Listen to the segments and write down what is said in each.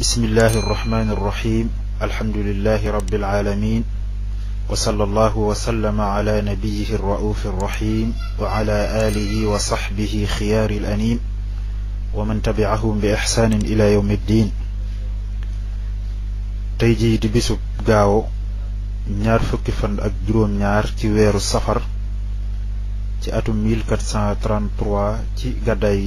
بسم الله الرحمن الرحيم الحمد لله رب العالمين وصلى الله وسلم على نبيه الرؤوف الرحيم وعلى آله وصحبه خيار الأنيم ومن تبعهم بإحسان إلى يوم الدين تيجي دبسو di bisub gaaw ñaar fukki تيوير السفر juróom-ñaar ci weeru safar ci atum 1433 ci gàddaay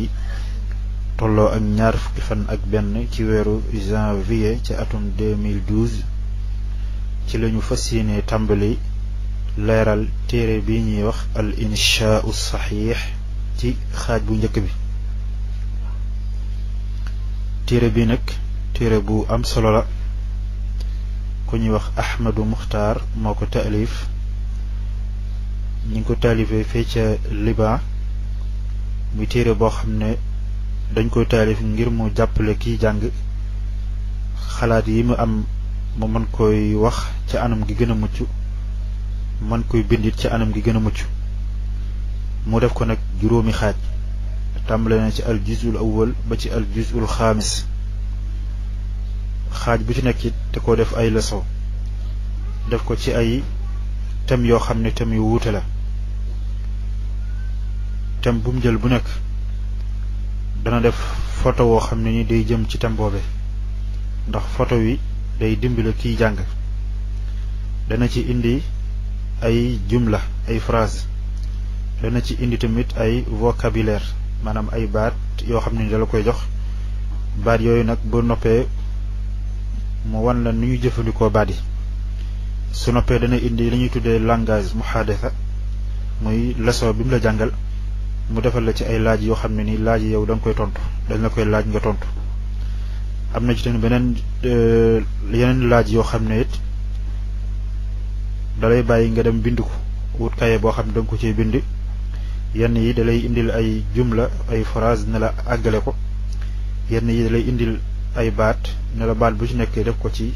tolo ak ñaar fukki fan ak ben ci wéru janvier ci atum 2012 ci lañu fassiyene tàmbali leral téré bi ñi wax al inshaau sahih ci xaj bu ñëk bi téré bi nak téré bu am solo la ku ñi wax ahmad Muxtaar moko ta'lif ñi ko talifé fee ci liba muy téré bo xamné dañ koy taalif ngir mu jàppale kiy jàng xalaat yi mu am mu man koy wax ci anam gi gën a mucc mën koy bindit ci anam gi gën a mucc mu def ko nag juróomi xaaj tàmbale na ci al juzul awwal ba ci al juzul xaamis xaaj bu ci nekk it te ko def ay leçon def ko ci ay tem yoo xam ne tem yu wuute la tem bu jël bu nekk dana def photo woo xam ne ni day jëm ci thème boobe ndax photo wi day dimbali kiy jàng dana ci indi ay jumla ay phrase dana ci indi tamit ay vocabulaire maanaam ay baat yoo xam ne ni dala koy jox baat yooyu nag bu noppee mu wan la nu ñu jëfandikoo baat yi su noppee dana indi li ñuy tuddee langage muhadatha muy leçon bim la jàngal mu defal la ci ay laaj yoo xam ne ni laaj yow da nga koy tontu dañ la koy laaj nga tontu am na ci tamit beneen yeneen laaj yoo xam ne it dalay bàyyi nga dem bind ko wut kaye boo xam ne da nga ko ciy bind yenn yi dalay indil ay jumla ay phrase ne la àggale ko yenn yi dalay indil ay baat ne la baat bu ci nekkee def ko ci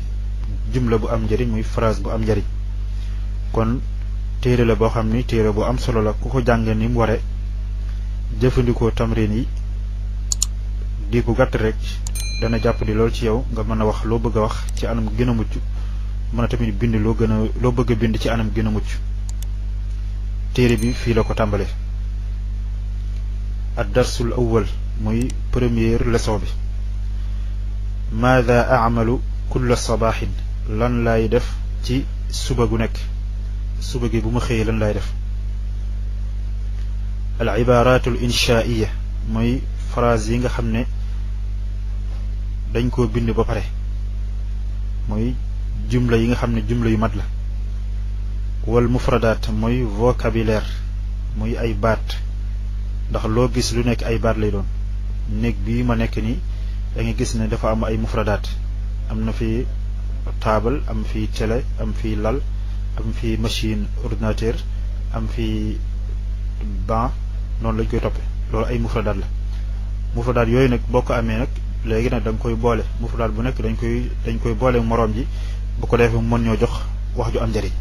jumla bu am njëriñ muy phrase bu am njëriñ kon téere la boo xam ni téere bu am solo la ku ko jàng ni mu waree jëfëndiko tamreen yi di ko gàtt rek dana japp di lol ci yow nga mëna wax lo bëgg wax ci anam gëna mucc mëna tamit bind lo gëna lo bëgg bind ci anam gëna mucc téré bi fi la ko tàmbale ad darsul awwal muy première leçon bi maada amalu kulla sabaaxin lan laay def ci suba gu nekk suba gi bu ma العبارات الإنشائية مي فرازين خمنة دينكو بند بفره مي جملة ين خمنة جملة يمدلا والمفردات مي vocabulary مي أي بات دخلوا جس لونك أي بات ليدون نك بي ما نكني لين جس ندفع أم أي مفردات أم نفي table أم في تلة أم في لال أم في machine ordinateur أم في بان noonu lañ koy toppe loolu ay mufradaat la mufradaat yooyu nag boo ko amee nag léegi nag da koy boole mufradaat bu nekk dañ koy dañ koy boole moroom ji bu ko defee mën ñoo jox wax ju am njëriñ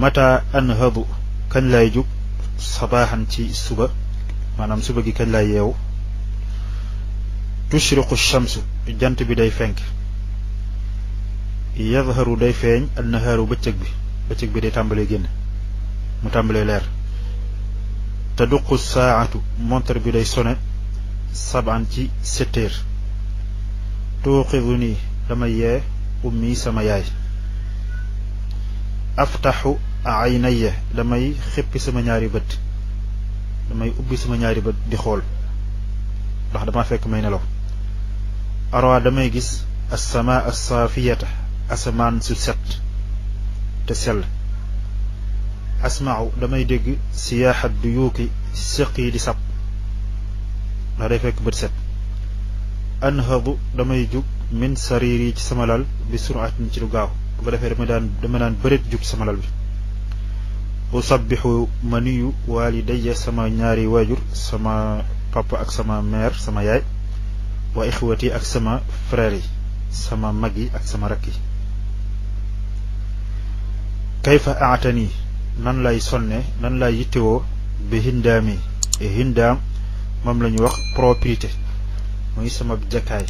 mata anhadu kañ lay jug sabaaxan ci suba maanaam suba gi kañ lay yeewu tushriqu shamsu jant bi day fenk yadharu day feeñ annahaaru bëccëg bi bëccëg bi day tàmbalee génn mu tàmbalee leer تدق الساعة مونتر بلاي سنة سبعة ستير توقظني لمياء أمي سمياي أفتح عيني لمي خب سمياري بد لمي أبي سمياري بد دخول لحد ما فيك مين لو أروى دمي جس السماء الصافية أسمان سوسات تسل asmaaw damay dégg siyaaxat du yuuki sëq yi di sab ndax day fekk bët set anhadu damay jóg min sariir yi ci sama lal bi suraatin ci lu gaaw bu ko defee dama daan dama daan bëreet jug ci sama lal bi usabbixu ma nuyu waalidayya sama ñaari waajur sama papa ak sama mère sama yaay wa ixwati ak sama frère yi sama mag yi ak sama rakk yi kayfa aatani nan lay sonne nan lay yittewoo bi hindaami hindaam moom la ñu wax propriété muy sama jekkaay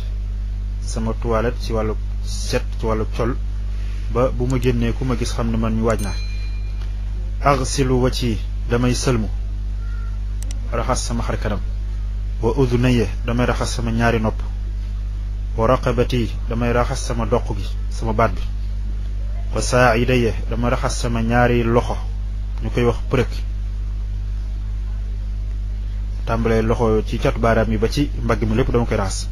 sama toilette ci wàllu set ci wàllu col ba bu ma génnee ku ma gis xam ne man mi waaj naa agsilu wa ci damay sëlmu raxas sama xarkanam xar kanam wa udunaya damay raxas sama ñaari nopp wa raqabati damay raxas sama doq gi sama baat bi wa saa idaya damay raxas sama ñaari loxo ñu koy wax përëg tambalé loxo ci cat baram yi ba ci mbag mi lepp dama koy ras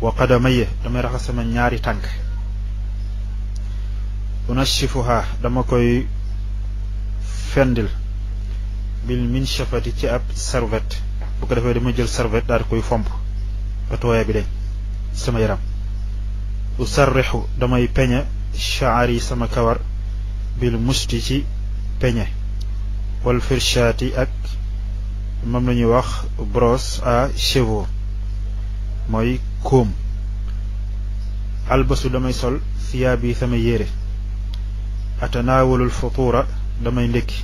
wa qadamayya dama sama ñaari tank unashifuha dama koy fendil bil shafati ci ab servette bu ko defé dama jël servette dal koy fomp ba tooya bi dañ sama yaram dama peñe shaari sama kawar bil musti ci peñe wal firchaati ak moom la ñuy wax brosse à cheveux mooy kóom albasu damay sol siyaabi sama yére atanaawalul futuura damay ndékki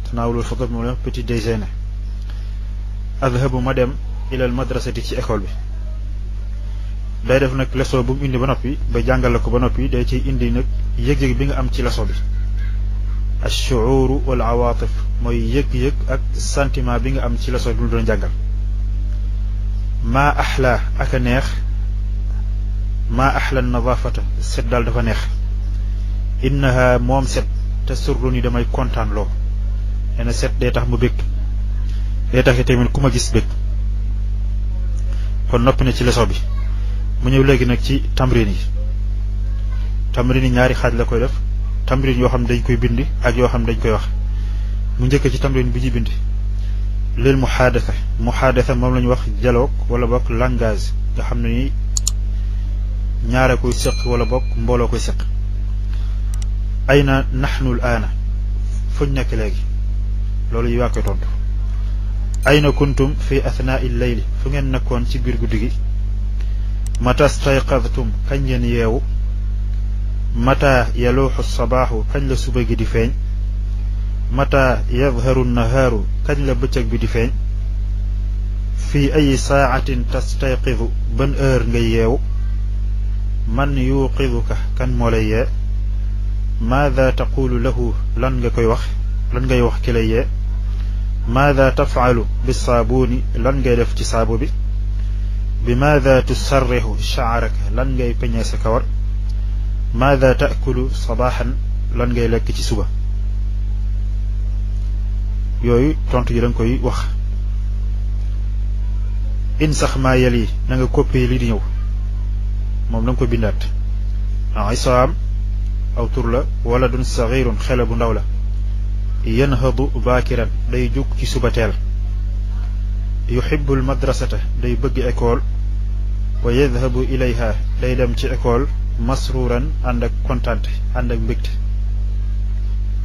atanaawalul futuura bi moom la petit déjeuner adhabu ma dem ilal madrasati ci école bi day def nag leçon bu mu indi ba noppi ba jàngale ko ba noppi day ci indi nag yëg-yëg bi nga am ci leçon bi ashuuru wal awaatif mooy yëg-yëg ak sentiment bi nga am ci la soo dul doon jàngal maa axla ak a neex maa axla nadaafata set daal dafa neex innaha moom set te surlu ni damay kontaan loo nee set day tax mu bëgg day tax tamit ku ma gis bëgg kon noppi na ci leçon bi mu ñëw léegi nag ci tamrin yi yi ñaari xaaj la koy def tamrin yo xam dañ koy bind ak yo xam dañ koy wax mu ñëk ci tamrin bi ci bind lil muhadatha muhadatha mom lañ wax dialogue wala bok langage nga xam ni ñaara koy sekk wala bok mbolo koy sekk ayna nahnu alana aana fuñ nekk léegi loolu yi waa tontu ayna kuntum fi athna al-layl fu ngeen nekkoon ci bir guddi gi mata stayqadtum kañ ngeen yeewu متى يلوح الصباح كن لا سوبا دي متى يظهر النهار كن لا بتك بي دي في أي ساعة تستيقظ بن أر غيو من يوقظك كن مولاي ماذا تقول له لن غكاي وخ لن غاي ماذا تفعل بالصابون لن غاي دف صابو بي بماذا تسرح شعرك لن غاي بنيا سكور ماذا تأكل صباحا لن جاي لك تسوبا يوي تونت جيران كوي وخ إن سخ ما يلي نغا كوبي لي نيو موم نانكو بينات عصام أو ترلا ولد صغير خلب دولا ينهض باكرا داي جوك تي سوبا تيل يحب المدرسة داي بغي ويذهب إليها داي دم تي إيكول masruuran ànd ak kontaante ànd ak mbégte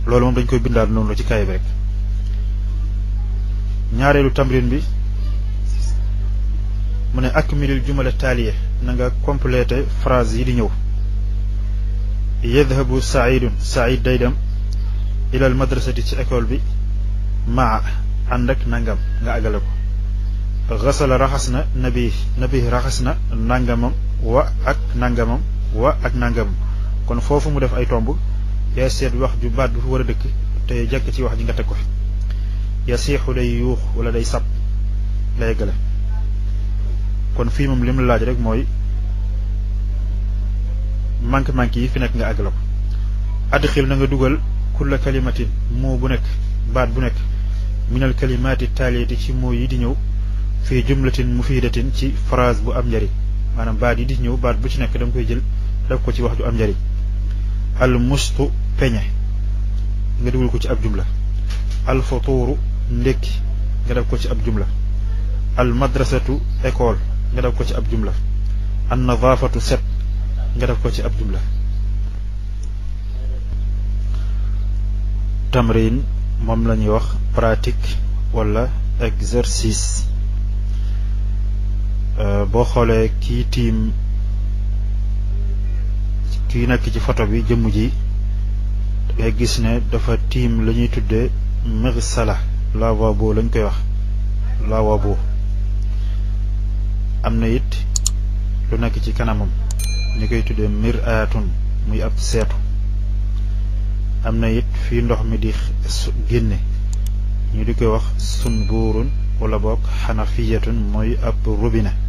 loolu moom dañ koy bindaal noonu la ci kaay bi rek ñaareelu tamrin bi mu ne akmilil jumale taaliye na nga complété phrase yi di ñëw yadhabu saidun said day dem ilal madrasati ci école bi maa ànd ak nangam nga àggale ko gasala raxas na nabi nabi raxas na nangamam wa ak nangamam wa ak nangam kon foofu mu def ay tomb yaa seet wax ju baat bi fu war a dëkk te jekk ci wax ji nga teg ko fi ya siixu day yuux wala day sab lay gale kon fii moom li mu laaj rek mooy manque-manque yi fi nekk nga aglo ko adxil na nga dugal kulla kalimatin moo bu nekk baat bu nekk minal kalimaati taaliyati ci moo yi di ñëw fii jumlatin mufidatin ci phrase bu am njariñ maanaam baat yi di ñëw baat bu ci nekk da koy jël def ko ci wax ju am njariñ al mustu peñe nga dugal ko ci ab jumla al futuuru ndékki nga def ko ci ab jumla al madrasatu école nga def ko ci ab jumla an nadaafatu set nga def ko ci ab jumla tamrin moom la ñuy wax pratique wala exercice euh, boo xoolee kii tiim kii nekk ci photo bi jëmm ji dangay gis ne dafa tiim lañuy ñuy tuddee mirsala lavabo lañ koy wax lavabo am na it lu nakk ci kanamam ñu koy tuddee miraatun muy ab seetu am na yit fii ndox mi di génne ñu di koy wax sunbuurun wala boog xanafiyatun mooy ab robinet